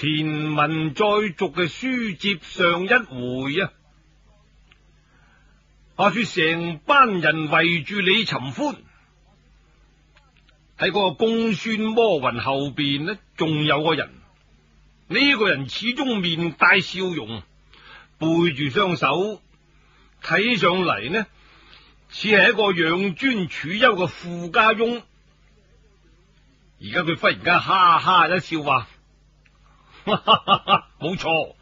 前文再續嘅書接上一回啊，話說成班人圍住李尋歡，喺個公孫魔雲後邊呢，仲有個人。呢個人始終面帶笑容，背住雙手，睇上嚟，呢似係一個養尊處優嘅富家翁。而家佢忽然間哈哈一笑，話。哈哈，冇錯，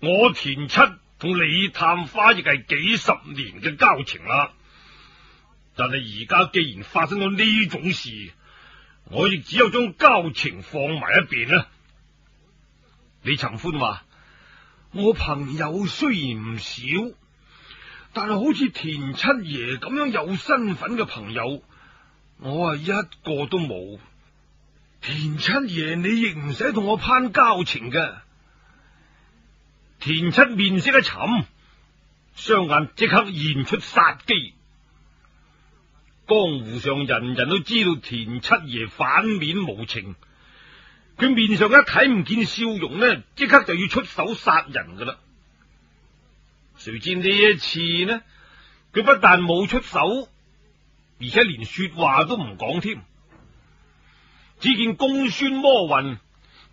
我田七同李探花亦係幾十年嘅交情啦。但係而家既然發生咗呢種事，我亦只有將交情放埋一邊啦。李尋歡話：我朋友雖然唔少，但係好似田七爺咁樣有身份嘅朋友，我一個都冇。田七爺，你亦唔使同我攀交情㗎。田七面色一沉，雙眼即刻現出殺機。江湖上人人都知道田七爺反面無情，佢面上一睇唔見笑容呢，即刻就要出手殺人噶啦。誰知呢一次呢，佢不但冇出手，而且連說話都唔講添。只見公孫魔雲、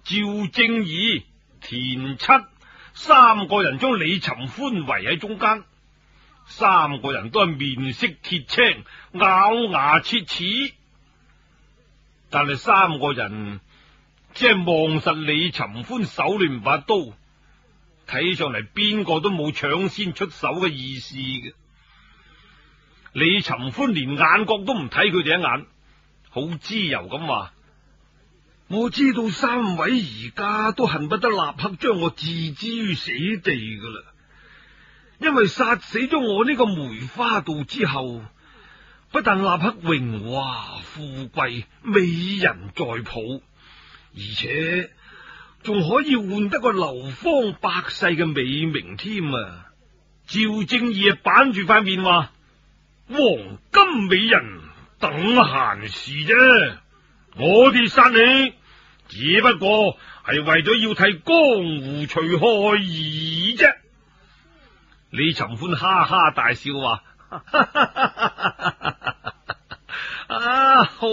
趙正義、田七三個人將李尋歡圍喺中間，三個人都係面色鐵青，咬牙切齒。但係三個人只係望實李尋歡手裏面把刀，睇上嚟邊個都冇搶先出手嘅意思嘅。李尋歡連眼角都唔睇佢哋一眼，好自由咁話。我知道三位而家都恨不得立刻將我置之於死地噶啦，因為殺死咗我呢個梅花盜之後，不但立刻榮華富貴、美人在抱，而且仲可以換得個流芳百世嘅美名添啊！趙正義啊，板住塊面話：黃金美人等閒事啫，我哋殺你。只不過係為咗要替江湖除害而已啫。李尋歡哈哈大笑話：哈哈哈哈，啊，好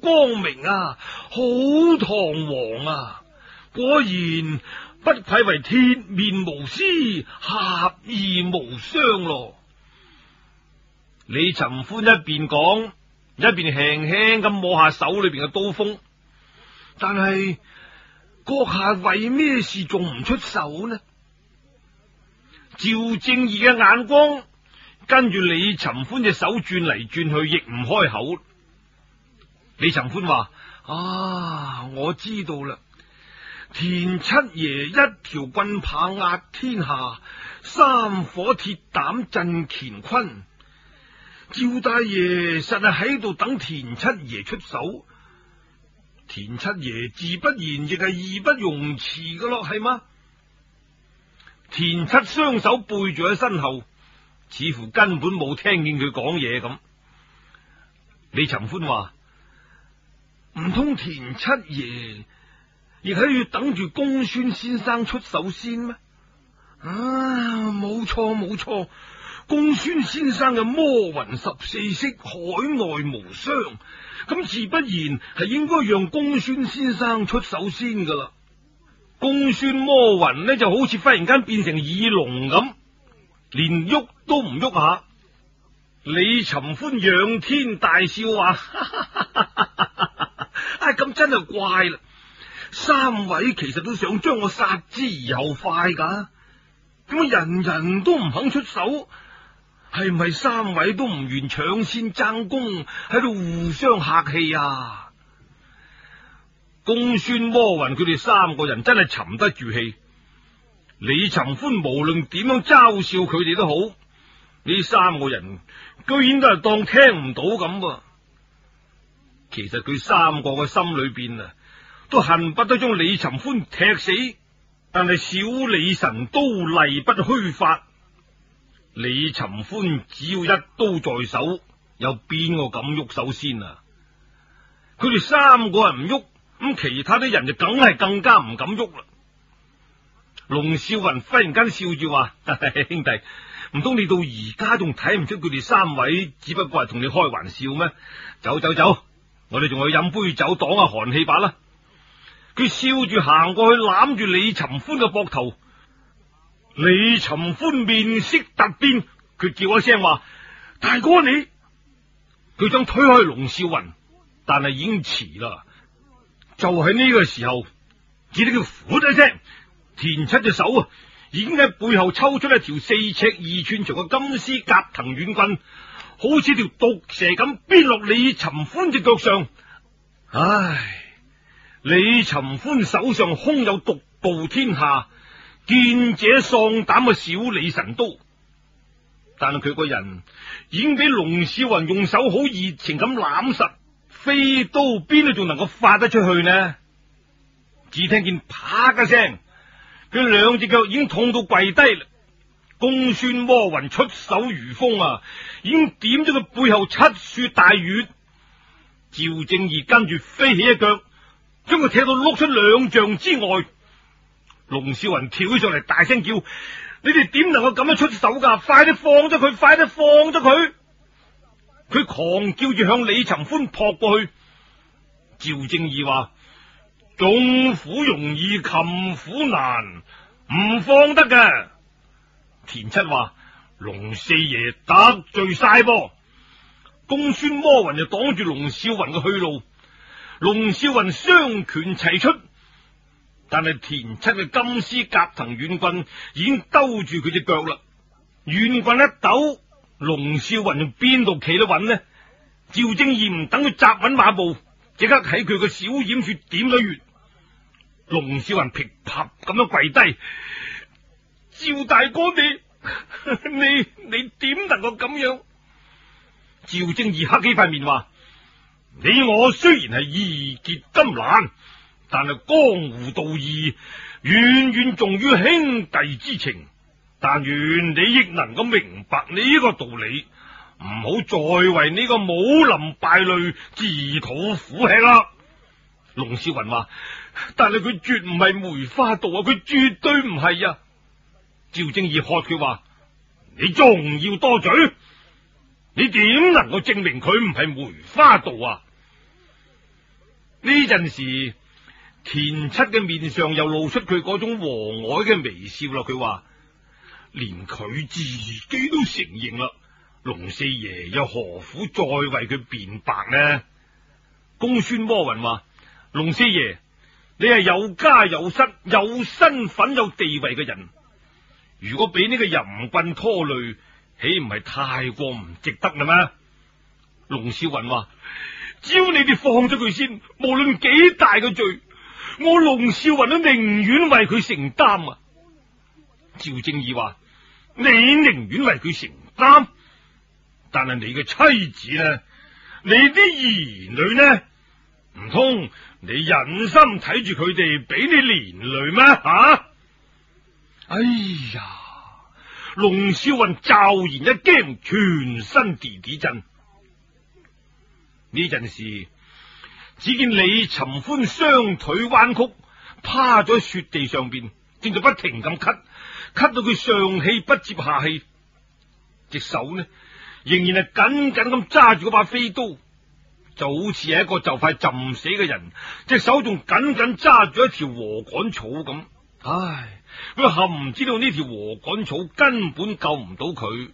光明啊，好堂皇啊！果然不愧為鐵面無私、俠義無雙咯。李尋歡一邊講，一邊輕輕咁摸下手裏邊嘅刀鋒。但係，閣下為咩事仲唔出手呢？趙正義嘅眼光跟住李尋歡嘅手轉嚟轉去，亦唔開口。李尋歡話：啊，我知道啦，田七爺一條棍棒壓天下，三火鐵膽震乾坤。趙大爺實係喺度等田七爺出手。田七爺自不然亦係義不容辭噶咯，係嗎？田七雙手背住喺身後，似乎根本冇聽見佢講嘢咁。李尋歡話：唔通田七爺亦係要等住公孫先生出手先咩？啊，冇錯冇錯。公孫先生嘅魔雲十四式，海外無雙。咁自不然係應該讓公孫先生出手先噶啦。公孫魔雲呢就好似忽然間變成耳龍咁，連喐都唔喐下。李尋歡仰天大笑話：哈哈哈哈，哎，咁真係怪啦！三位其實都想將我殺之而後快噶，點解人人都唔肯出手？係唔係三位都唔願搶先爭功，喺度互相客氣啊？公孫魔雲佢哋三個人真係沉得住氣，李尋歡無論點樣嘲笑佢哋都好，呢三個人居然都係當聽唔到咁。其實佢三個嘅心裏邊啊，都恨不得將李尋歡踢死，但係小李神刀例不虛發。李尋歡只要一刀在手，有邊個敢喐手先啊？佢哋三個人唔喐，咁其他啲人就梗係更加唔敢喐啦。龍少雲忽然間笑住話：兄弟，唔通你到而家仲睇唔出佢哋三位只不過係同你開玩笑咩？走走走，我哋仲去飲杯酒擋下寒氣把啦。佢笑住行過去攬住李尋歡嘅膊頭。李尋歡面色突變，佢叫一聲話：大哥你！佢想推開龍嘯雲，但係已經遲啦。就喺呢個時候，只啲叫呼一聲，田七隻手啊，已經喺背後抽出一條四尺二寸長嘅金絲夾藤軟棍，好似條毒蛇咁，邊落李尋歡隻腳上。唉，李尋歡手上空有獨步天下。見者喪膽嘅小李神刀，但係佢個人已經俾龍小雲用手好熱情咁攬實，飛刀邊度仲能夠發得出去呢？只聽見啪一聲，佢兩隻腳已經痛到跪低啦。公孫摸雲出手如風啊，已經點咗佢背後七雪大穴。趙正義跟住飛起一腳，將佢踢到碌出兩丈之外。龍少云跳起上嚟，大聲叫：你哋點能夠咁樣出手噶？快啲放咗佢！快啲放咗佢！佢狂叫住向李尋歡撲過去。趙正義話：縱虎容易，擒虎難，唔放得嘅。田七話：龍四爺得罪晒噃。公孫魔云就擋住龍少云嘅去路，龍少云雙拳齊出。但係田七嘅金絲夾藤軟棍已經兜住佢隻腳啦，軟棍一抖，龍少雲從邊度企得穩呢？趙正義唔等佢扎穩馬步，即刻喺佢個小掩處點咗穴，龍少雲噼啪咁樣跪低。趙大哥你，你你你點能夠咁樣？趙正義黑起塊面話：你我雖然係義結金蘭。但係江湖道義遠遠重於兄弟之情，但願你亦能夠明白呢個道理，唔好再為呢個武林敗類自討苦吃啦。龍小雲話：但係佢絕唔係梅花道啊，佢絕對唔係啊。趙正義喝佢話：你仲要多嘴，你點能夠證明佢唔係梅花道啊？呢陣時。田七嘅面上又露出佢嗰種和藹嘅微笑啦。佢話：連佢自己都承認啦，龍四爺又何苦再為佢辯白呢？公孫魔雲話：龍四爺，你係有家有室、有身份、有地位嘅人，如果俾呢個淫棍拖累，豈唔係太過唔值得啦咩？龍少雲話：只要你哋放咗佢先，無論幾大嘅罪，我龍少雲都寧願為佢承擔啊！趙正義話：你寧願為佢承擔，但係你嘅妻子呢？你啲兒女呢？唔通你忍心睇住佢哋俾你連累咩？啊！哎呀，龍少雲驟然一驚，全身地幾震。呢陣時。只見李尋歡雙腿彎曲，趴咗雪地上邊，正在不停咁咳，咳到佢上氣不接下氣。隻手呢，仍然係緊緊咁揸住把飛刀，就好似係一個就快浸死嘅人，隻手仲緊緊揸住一條禾稈草咁。唉，佢含唔知道呢條禾稈草根本救唔到佢。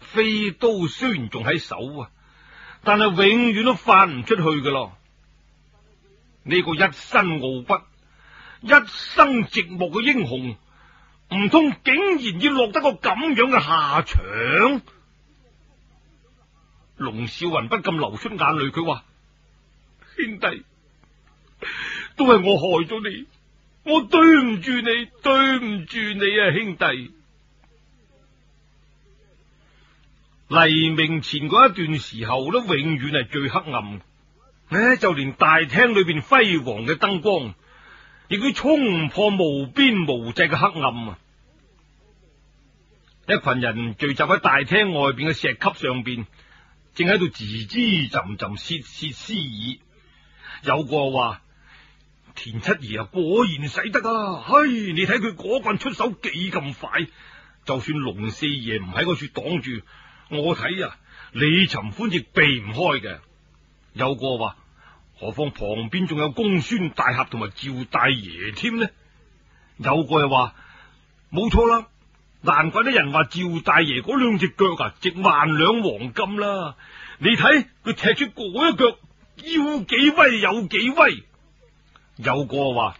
飛刀雖然仲喺手啊。但係永遠都發唔出去噶咯！呢個一身傲骨、一生寂寞嘅英雄，唔通竟然要落得個咁樣嘅下場？龍少雲不禁流出眼淚，佢話：兄弟，都係我害咗你，我對唔住你，對唔住你啊，兄弟！黎明前嗰一段時候都永遠係最黑暗，誒，就連大廳裏邊輝煌嘅燈光，亦都沖唔破無邊無際嘅黑暗啊！一群人聚集喺大廳外邊嘅石級上邊，正喺度吱吱喳喳、竊竊私語。有個話：田七爺果然使得啊！嘿，你睇佢嗰棍出手幾咁快，就算龍四爺唔喺嗰處擋住。我睇啊，李尋歡亦避唔開嘅。有個話，何況旁邊仲有公孫大俠同埋趙大爺添呢？有個又話，冇錯啦，難怪啲人話趙大爺嗰兩隻腳啊值萬兩黃金啦。你睇佢踢出嗰一腳，要幾威有幾威。有，威有個話，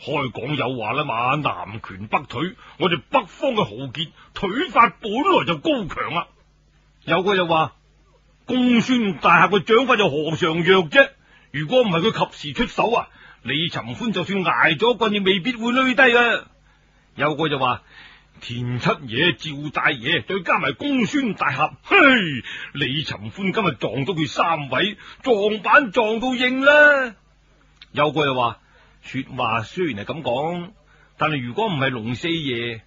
開講有話啦嘛，南拳北腿，我哋北方嘅豪傑腿法本來就高強啊。有個又話，公孫大俠個掌法就何嘗弱啫？如果唔係佢及時出手啊，李尋歡就算挨咗個，你未必會累低啊！有個又話田七爺、趙大爺，再加埋公孫大俠，嘿，李尋歡今日撞到佢三位，撞板撞到應啦，啊！有個又話說，說話雖然係咁講，但係如果唔係龍四爺，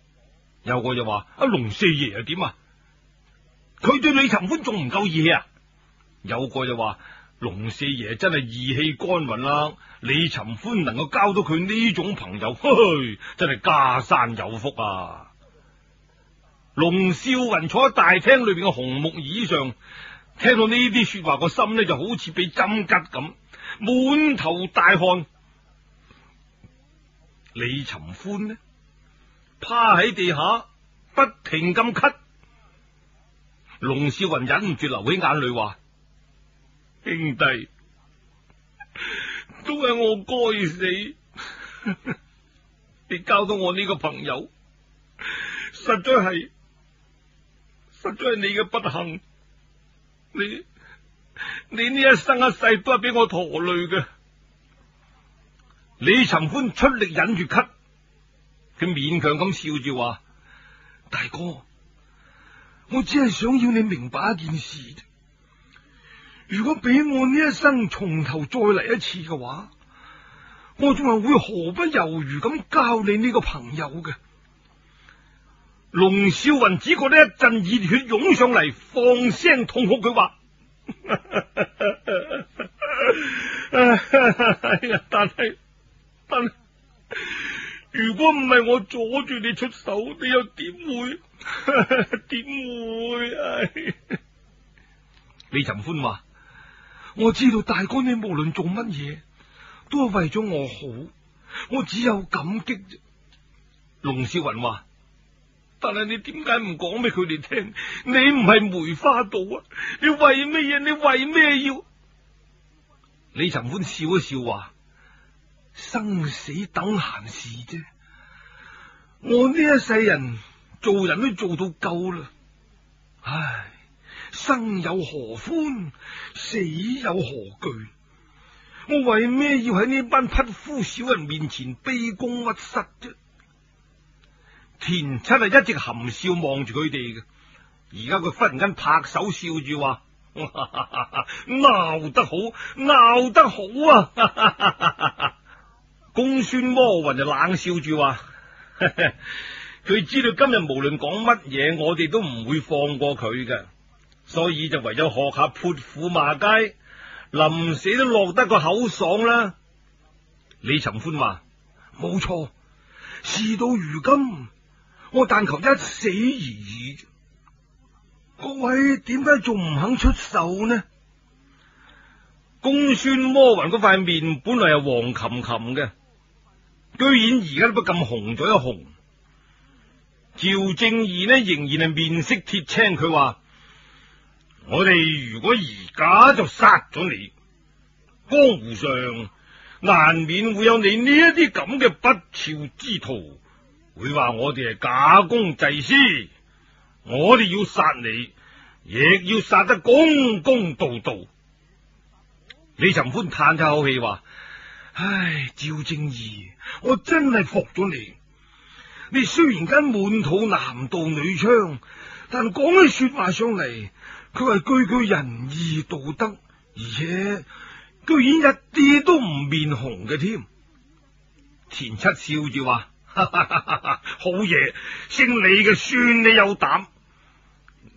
有個又話阿龍四爺又點啊？佢對李尋歡仲唔夠義氣啊？有個就話龍四爺真係義氣干雲啦，李尋歡能夠交到佢呢種朋友，嘿嘿，真係家山有福啊！龍少雲坐喺大廳裏邊嘅紅木椅上，聽到呢啲說話個心呢就好似畀針拮咁，滿頭大汗。李尋歡呢，趴喺地下不停咁咳。龍少雲忍唔住流起眼淚，話：兄弟，都係我該死， 你交到我呢個朋友，實在係，實在係你嘅不幸。你你呢一生一世都係俾我拖累嘅。李尋歡出力忍住咳，佢勉強咁笑住話：大哥。我只係想要你明白一件事：如果俾我呢一生從頭再嚟一次嘅話，我仲係會毫不猶豫咁交你呢個朋友嘅。龍少雲只覺得一陣熱血涌上嚟，放聲痛哭，佢話：， 但係，但係，如果唔係我阻住你出手，你又點會？點 會啊？李尋歡話：我知道大哥你無論做乜嘢，都係為咗我好，我只有感激啫。龍嘯雲話：但係你點解唔講俾佢哋聽？你唔係梅花盜啊？你為咩嘢？你為咩要？李尋歡笑一笑話：生死等閒事啫，我呢一世人。做人都做到夠啦，唉，生有何歡，死有何懼？我為咩要喺呢班匹夫小人面前卑躬屈膝啫？田七係一直含笑望住佢哋嘅，而家佢忽然間拍手笑住話：鬧得好，鬧得好啊！呵呵呵，公孫魔雲就冷笑住話。呵呵佢知道今日無論講乜嘢，我哋都唔會放過佢嘅，所以就唯有學下潑婦罵街，臨死都落得個口爽啦。李尋歡話：冇錯，事到如今，我但求一死而已。各位點解仲唔肯出手呢？公孫魔雲嗰塊面本來係黃琴琴嘅，居然而家都不禁紅咗一紅。趙正義呢仍然係面色鐵青，佢話：我哋如果而家就殺咗你，江湖上難免會有你呢一啲咁嘅不肖之徒，會話我哋係假公濟私。我哋要殺你，亦要殺得公公道道。李尋歡嘆咗口氣，話：唉，趙正義，我真係服咗你。你雖然間滿肚男盜女娼，但講起說話上嚟，佢係句句仁義道德，而且居然一啲都唔面紅嘅添。田七笑住話：哈哈哈哈哈，好嘢，姓李嘅算你有膽。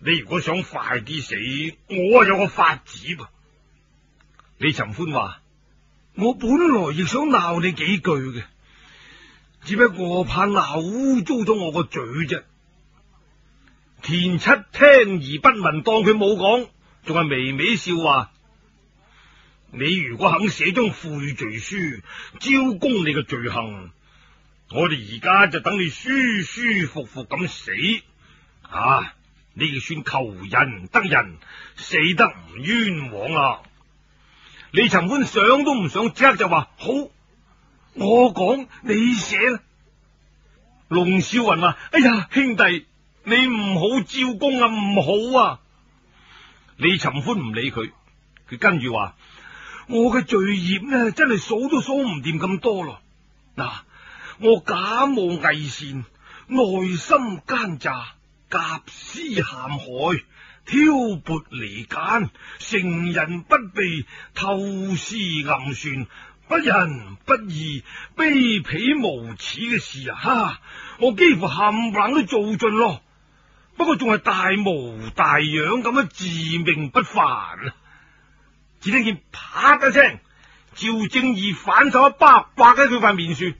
你如果想快啲死，我啊有個法子。李尋歡話：我本來亦想鬧你幾句嘅。只不過怕鬧污糟咗我個嘴啫。田七聽而不聞，當佢冇講，仲係微微笑話：你如果肯寫張悔罪書，招供你個罪行，我哋而家就等你舒舒服服咁死。啊！你亦算求人得人，死得唔冤枉啦、啊！李尋歡想都唔想，即刻就話好。我講你寫啦，龍少雲話：哎呀，兄弟，你唔好招供啊，唔好啊！李尋歡唔理佢，佢跟住話：我嘅罪孽呢，真係數都數唔掂咁多咯。嗱，我假冒偽善，內心奸詐，挾私陷害，挑撥離間，成人不備，偷思暗算。不仁不義、卑鄙無恥嘅事啊！哈，我幾乎冚唪唥都做盡咯，不過仲係大模大樣咁樣自命不凡。只聽見啪一聲，趙正義反手一巴，摑喺佢塊面樹。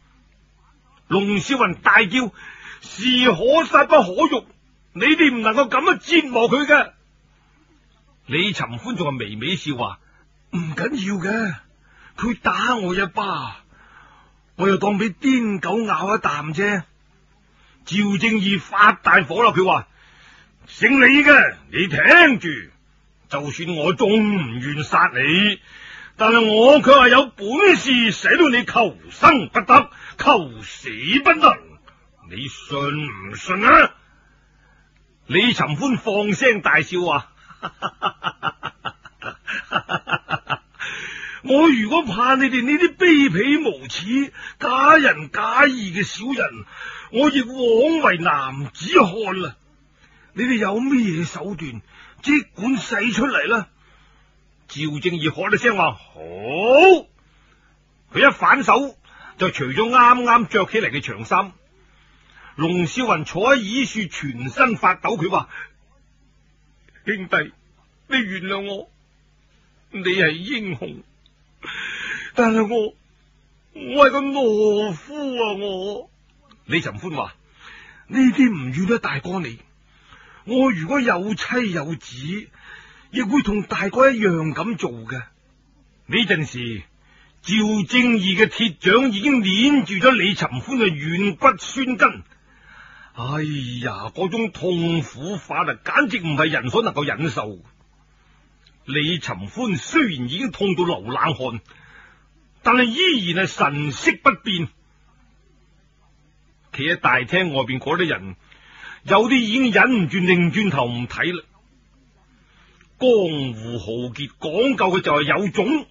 龍少雲大叫：是可殺不可辱，你哋唔能夠咁樣折磨佢嘅。李尋歡仲係微微笑話：唔緊要嘅。佢打我一巴，我又當俾癲狗咬一啖啫。趙正義發大火啦，佢話：姓李嘅，你聽住，就算我仲唔願殺你，但係我卻係有本事使到你求生不得，求死不能，你信唔信啊？李尋歡放聲大笑話、啊。 我如果怕你哋呢啲卑鄙無恥、假仁假義嘅小人，我亦枉為男子漢啦！你哋有咩手段，即管使出嚟啦！趙正義喝一聲話：好！佢一反手就除咗啱啱着起嚟嘅長衫。龍少雲坐喺椅樹，全身發抖。佢話：兄弟，你原諒我，你係英雄。但係我，我係個懦夫啊！我李尋歡話：呢啲唔怨得大哥你。我如果有妻有子，亦會同大哥一樣咁做嘅。呢陣時，趙正義嘅鐵掌已經捏住咗李尋歡嘅軟骨酸筋。哎呀，種痛苦法啊，簡直唔係人所能夠忍受。李尋歡雖然已經痛到流冷汗。但係依然係神色不變，企喺大廳外邊啲人，有啲已經忍唔住擰轉頭唔睇啦。江湖豪傑講究嘅就係有種，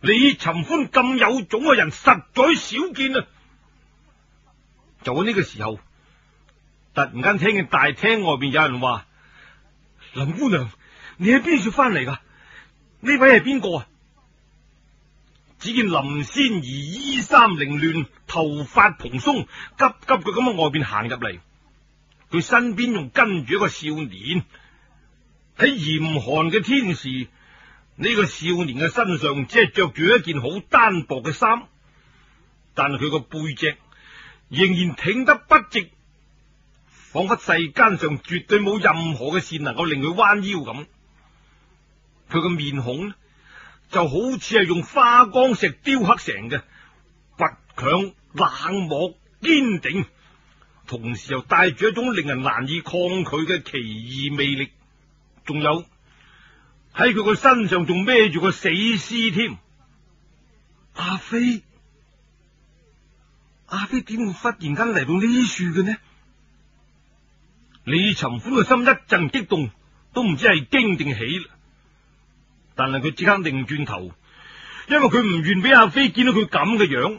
李尋歡咁有種嘅人實在少見啊！就喺呢個時候，突然間聽見大廳外邊有人話：林姑娘，你喺邊處翻嚟噶？呢位係邊個啊？只見林仙兒衣衫凌亂，頭髮蓬鬆，急急佢咁喺外邊行入嚟，佢身邊仲跟住一個少年。喺嚴寒嘅天時，呢個少年嘅身上只係着住一件好單薄嘅衫，但係佢個背脊仍然挺得筆直，仿佛世間上絕對冇任何嘅事能夠令佢彎腰咁。佢個面孔呢？就好似係用花崗石雕刻成嘅，倔強、冷漠、堅定，同時又帶住一種令人難以抗拒嘅奇異魅力。仲有喺佢個身上仲孭住個死屍添。阿、啊、飛，阿、啊、飛點會忽然間嚟到呢處嘅呢？李尋歡嘅心一陣激動，都唔知係驚定喜啦但係佢即刻擰轉頭，因為佢唔願俾阿飛見到佢咁嘅樣，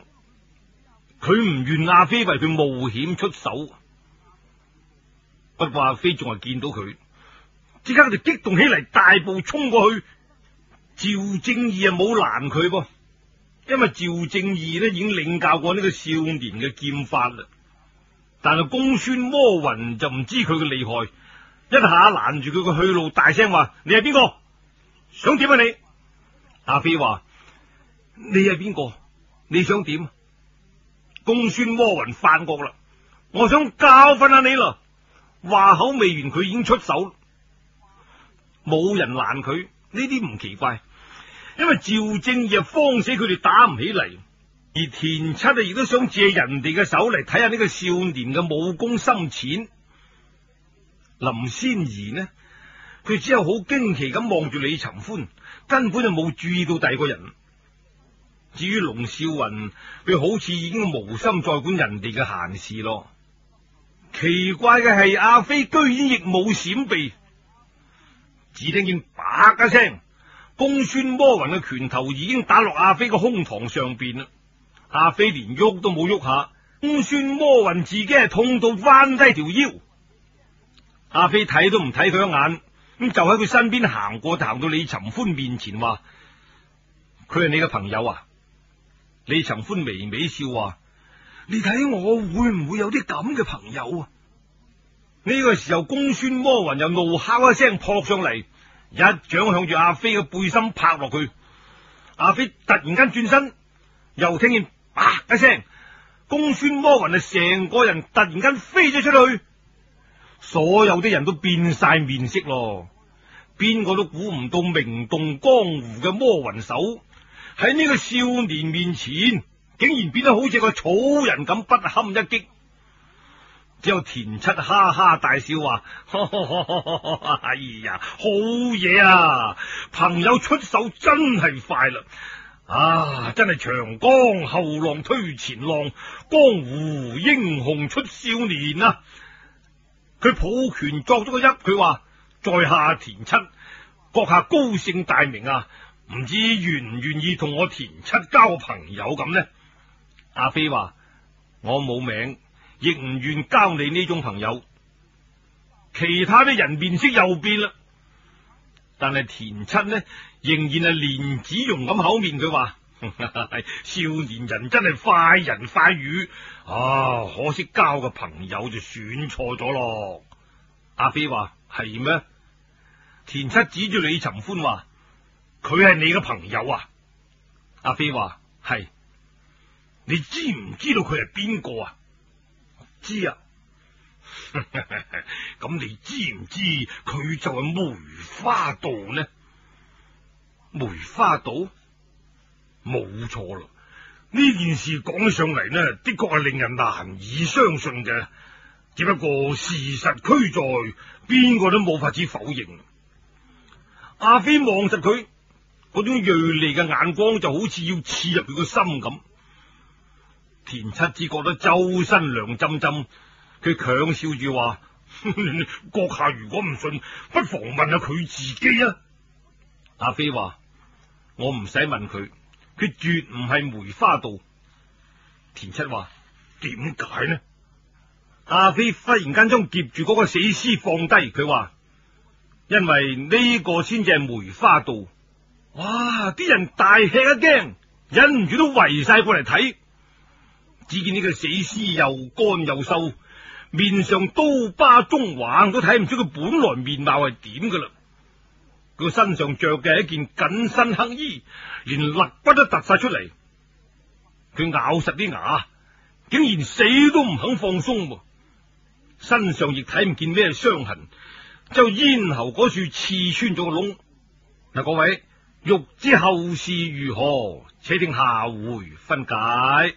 佢唔願阿飛為佢冒險出手。不過阿飛仲係見到佢，即刻就激動起嚟，大步衝過去。趙正義啊，冇攔佢噃，因為趙正義咧已經領教過呢個少年嘅劍法啦。但係公孫魔雲就唔知佢嘅厲害，一下攔住佢嘅去路，大聲話：你係邊個？想點啊你？阿飛話：你係邊個？你想點？公孫摸雲犯國啦，我想教訓下你咯。話口未完，佢已經出手，冇人攔佢。呢啲唔奇怪，因為趙正義慌死，佢哋打唔起嚟。而田七啊，亦都想借人哋嘅手嚟睇下呢個少年嘅武功深淺。林仙兒呢？佢只有好驚奇咁望住李尋歡，根本就冇注意到第二個人。至於龍少雲，佢好似已經無心再管人哋嘅閒事咯。奇怪嘅係阿飛居然亦冇閃避，只聽見叭一聲，公孫魔雲嘅拳頭已經打落阿飛嘅胸膛上邊啦。阿飛連喐都冇喐下，公孫魔雲自己係痛到彎低條腰。阿飛睇都唔睇佢一眼。咁就喺佢身邊行過，行到李尋歡面前，話，佢係你嘅朋友啊！李尋歡微微笑話，你睇我會唔會有啲咁嘅朋友啊？呢個時候，公孫魔雲又怒敲一聲，撲上嚟，一掌向住阿飛嘅背心拍落去。阿飛突然間轉身，又聽見啪一聲，公孫魔雲啊成個人突然間飛咗出去。所有的人都變晒面色咯，邊個都估唔到名動江湖嘅魔雲手喺呢個少年面前，竟然變得好似個草人咁不堪一擊。只有田七哈哈大笑話：哎呀，好嘢啊！朋友出手真係快啦，啊，真係長江後浪推前浪，江湖英雄出少年啊！佢抱拳作咗個揖，佢話：在下田七，閣下高姓大名啊？唔知願唔願意同我田七交個朋友咁呢？阿飛話：我冇名，亦唔願交你呢種朋友。其他啲人面色又變啦，但係田七呢，仍然係蓮子蓉咁口面，佢話。 少年人真係快人快語啊！可惜交個朋友就選錯咗咯。阿飛話係咩？田七指住李尋歡話：佢係你嘅朋友啊！阿飛話係。你知唔知道佢係邊個啊？知啊。咁 你知唔知佢就係梅花盜呢？梅花盜？冇錯啦，呢件事講上嚟呢，的確係令人難以相信嘅。只不過事實俱在，邊個都冇法子否認。阿飛望實佢嗰種銳利嘅眼光，就好似要刺入佢個心咁。田七只覺得周身涼浸浸，佢強笑住話：閣下如果唔信，不妨問下佢自己啊。阿飛話：我唔使問佢。佢絕唔係梅花道。田七話：點解呢？阿飛忽然間將夾住嗰個死屍放低，佢話：因為呢個先至係梅花道。哇！啲人大吃一驚，忍唔住都圍晒過嚟睇。只見呢個死屍又乾又瘦，面上刀疤縱橫，都睇唔出佢本來面貌係點噶啦。佢身上着嘅一件緊身黑衣，連肋骨都突晒出嚟。佢咬實啲牙，竟然死都唔肯放鬆。身上亦睇唔見咩傷痕，就咽喉嗰處刺穿咗個窿。嗱，各位欲知後事如何，且聽下回分解。